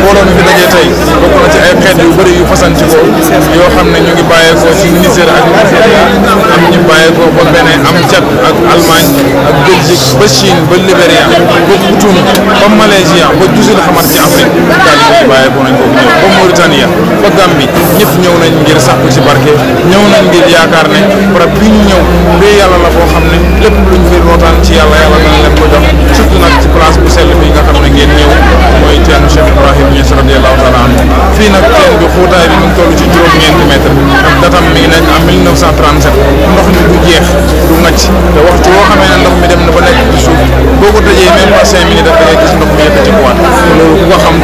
mbooloo mi fi dajee tey bokk ci ay xeet yu bëri yu fasantikoo yoo xam ne ñu ngi bàyyeekoo ci Niger ak Nigeria am ñu bàyyeekoo ba Benin am Tchad ak Allemagne ak Belgique ba Chine ba Libéria ba Koutoum ba Malaisie ba Tusil xamat ci Afrique daal di ko bàyyeekoo nañ ba Mauritania ba Gambie ñëpp ñëw nañ ngir sàkku ci barke ñëw nañ ngir yaakaar ne barab bi ñu ñëw bee yàlla la boo xam ne lépp luñ fi rootaan ci yàlla yàlla dana leen ko jox surtout nag ci place bu sell bi Niass radiyallahu ta'ala anhu fii nag teen bi xóotaay bi mu ngi toll ci juróom-ñeenti mètre datam mi ngi en 1937 ndox mi du jeex du ngacc te waxtu woo xamee ne ndox mi dem na ba nekk ci suuf boo ko tëjee même pas minutes ngay gis ndox mi loolu ku ko xam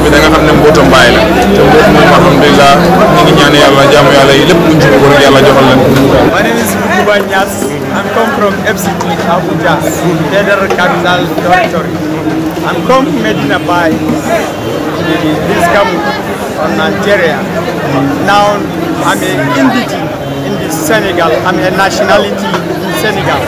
bi da nga xam ne mbootam bàyyi la te alhamdulilah ñu ngi ñaan yàlla jaamu yàlla yi lépp luñ ci bëggoon yàlla joxal leen My name is come from FCT Abuja, Federal Capital Territory. I'm coming from Medina by this come from Nigeria. Now I'm an entity in the Senegal. I'm a nationality in Senegal.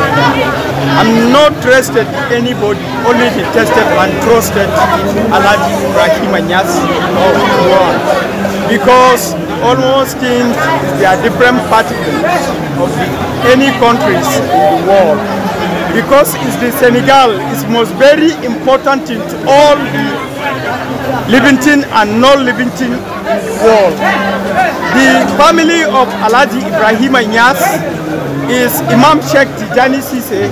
I'm not trusted anybody, only the tested and trusted in Alaji Ibrahim Anyas of the world. Because almost in there are different particles of the, any countries in the world because it's the Senegal is most very important in all the Livington and non-Livington world. The family of Aladi Ibrahim Nyas is Imam Sheikh Tijani Sise.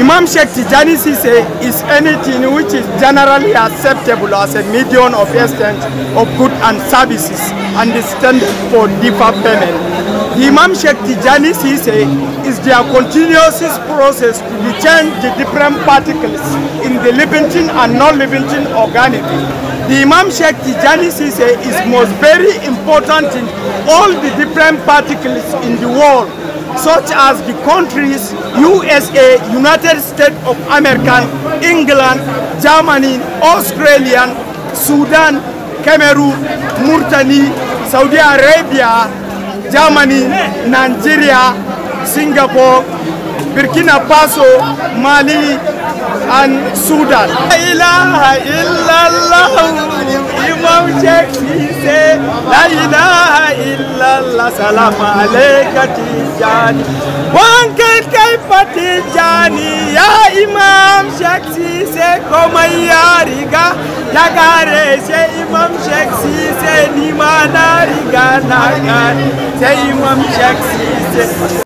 Imam Sheikh Tijani Sise is anything which is generally acceptable as a medium of exchange of goods and services and is standard for deeper payment. The Imam Sheikh Tijani Sise is their continuous process to change the different particles in the living and non-living organism. The Imam Sheikh Tijani Sise is most very important in all the different particles in the world such as the countries USA, United States of America, England, Germany, Australia, Sudan, Cameroon, Mauritania, Saudi Arabia, Germany, Nigeria, Singapore, Burkina Faso, Mali, and Sudan. تكسيسي لا إله إلا الله سلام عليك تجاني وانك كيف تجاني يا إمام شكسيسي كما ياريغا يا غاريسي إمام شكسيسي نيما ناريغا ناغاني سي إمام شكسيسي